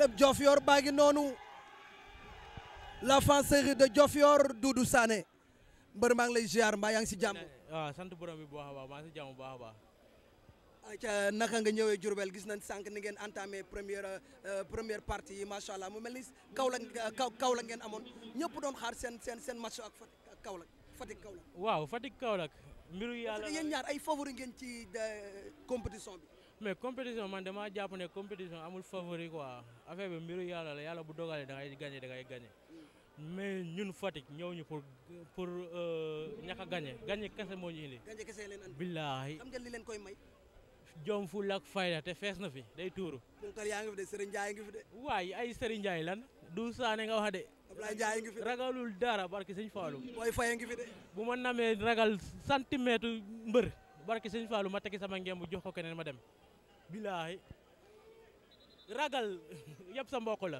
Club Diofior baa ngi noonu de Diofior Doudou Sané mbër maa ngi lay ziar mbaa yaa ngi si jàmm. waaw sant borom a baax naka nga ñëwee Diourbel gis nañ sànq ni ngeen entamé première euh, première partie yi macha allah mu mel ni Kaolack Kaolack ngeen amoon ñëpp doon xaar seen seen seen match ak Kaolack Fatick Kaolack. waaw Fatick Kaolack. mbiru yàlla ñaar ay favori ngeen ci euh, compétition bi. mais compétition man damaa jàpp ne compétition amul favori quoi affaire bi mbiru yàlla la yàlla bu dogalee da ngay gagné da ngay mais ñun Fatick ñëw ñu pour pour euh, ñàkk a gagné gagné kese moo ñu indi. gagné kese leen billaahi koy may. jom fu lak fayda te fees na fi day tuuru. Ponkal yaa ngi fi de Serigne Ndiaye waay ay Serigne Ndiaye lan. du saane nga wax de. Ablaye Ndiaye ngi fi de ragalul dara barki sëñ Fallou. booy faye ngi fi bu ma namee ragal centimètre mbër. barke sëñ Fallou ma tekki sama ngemb jox ko keneen ma dem bilaahi ragal yëpp sa mbokk la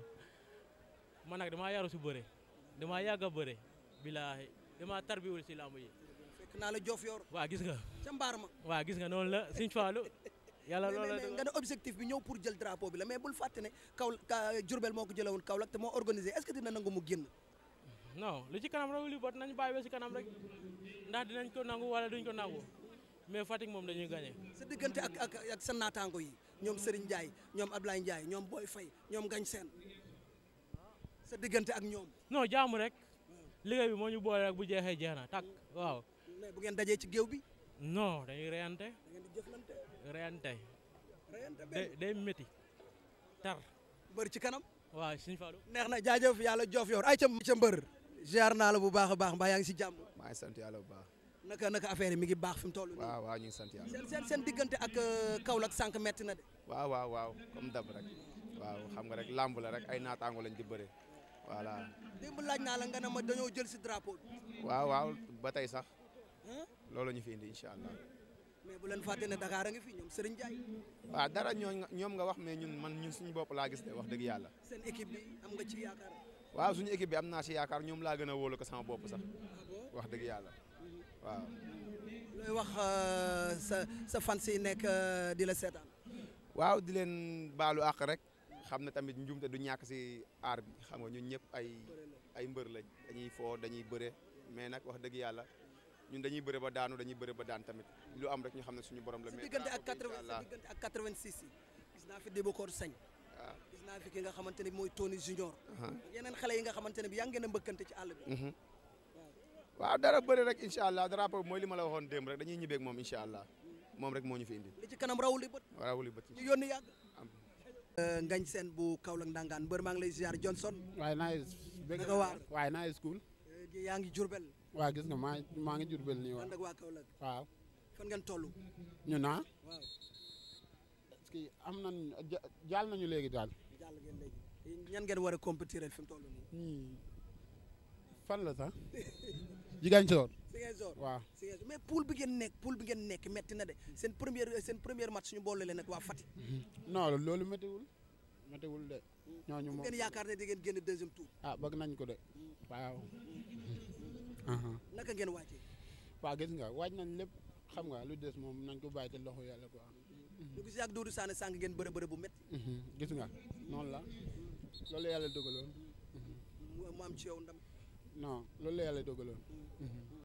man nag damaa yaru si bëre damaa yàgg a bëre bilaahi damaa tarbiwul si lamb yi. naa la jof yor. waa gis nga. ca mbaar ma. waa gis nga noonu la sëñ Fallou. yàlla loolu la nga ne objectif bi ñëw pour jël drapeau bi la mais bul fàtte ne kaw Jurbel moo ko jëlee woon Kaolack te moo organisé est-ce que dina nangu mu génn. non lu ci kanam rawu li bot nañu bàyyi ba kanam rek ndax dinañ ko nangu wala duñ ko nangu. mais Fatick moom dañuy gagné. sa diggante ak ak ak sa naataango yi ñoom Serigne Ndiaye ñoom Ablaye Ndiaye ñoom booy fay ñoom gañ Sène sa diggante ak ñoom. non jaamu rek liggéey bi moo ñu boole rek bu jeexee jeex na tàkk waaw. mais ngeen dajee ci géew bi. non dañuy reyante. da ngeen reyante. day métti tar. mbër ci kanam. waaw Sëñ Fallou. neex na jaajëf yàlla joof yor ay ca mbër. ziar naa la bu baax a baax mbaa yaa ngi si jàmm. maa ngi sant yàlla bu baax. naka naka affaire yi mi ngi baax fi mu toll. waaw waaw ñu sant yàlla. seen seen ak euh, Kaolack sànq metti na de. waaw waaw waaw rek waaw xam nga rek làmb la rek ay naataango lañ di bëre voilà. démb naa la nga ne ma dañoo jël si drapeau bi. waaw ba tey sax. loolu ñu fi indi incha allah. mais bu leen fàtte ne Dakar a ngi fi ñoom Serigne Ndiaye. waaw dara ñooñu ñoom nga wax mais ñun man ñun suñu bopp laa gis de wax dëgg yàlla. seen équipe bi nga ci yaakaar. suñu équipe am naa si yaakaar ñoom laa gën a wóolu ko sama bopp sax. Ah wax dëgg yàlla. waaw. looy wax euh, sa sa fans yi nekk euh, di la seetaan. waaw di leen baalu àq rek xam na tamit njuumte du ñàkk si aar bi xam nga ñun ñëpp ay ay mbër lañ dañuy foo dañuy bëre mais nag wax dëgg yàlla ñun dañuy bëre ba daanu dañuy bëre ba daan tamit lu am rek ñu xam ne suñu borom la. mais diggante ak 80 sa diggante yi gis naa fi Dibakor Sagne. waaw ah. gis naa fi nga xamante ne mooy Tony Junior. Uh-huh. yeneen xale yi nga xamante ne bi yaa ngeen a mbëkkante ci àll bi. Mm-hmm. waaw dara bëri rek incha allah drapeau mooy li ma la waxoon démb rek dañuy ñibbeeg moom incha allah moom rek moo ñu fi indi. li ci kanam rawul li bët. rawul li bët ñu yónni yàgg. Euh, ngañ seen bu Kaolack Ndangaan mbër maa ngi lay ziar Johnson. waaye naa yus. bëgg nga waar waaye naa yus cool. Euh, yaa ngi Jurbel. waaw gis nga maa maa ngi Jurbel nii waaw. waa Kaolack. waaw. fan ngeen toll. ñu naa. am nañ jàll nañu léegi daal. jàll ngeen léegi. ñan war a compétir fi mu toll nii. Hmm. fan la sax. jigéen si loolu. waaw. mais poule bi ngeen nekk poule bi ngeen nekk métti na de seen première seen première match suñu bool leen ak waa Fatick. Mhm. non loolu méttiwul méttiwul de. ñooñu moom ngeen yaakaar ne di ngeen génn deuxième tour. ah bëgg nañ ko de waaw. naka ngeen waajee. waa gis nga waaj nañ lépp xam nga lu des moom nañ ko bàyyi te loxo yàlla quoi. Mhm. ñu gis ak Doudou ngeen bërë bërë bu métti. Mhm. gis nga noonu la loolu yàlla dogaloon. mu am ci non loolu la yàlla dogaloon mm-hmm.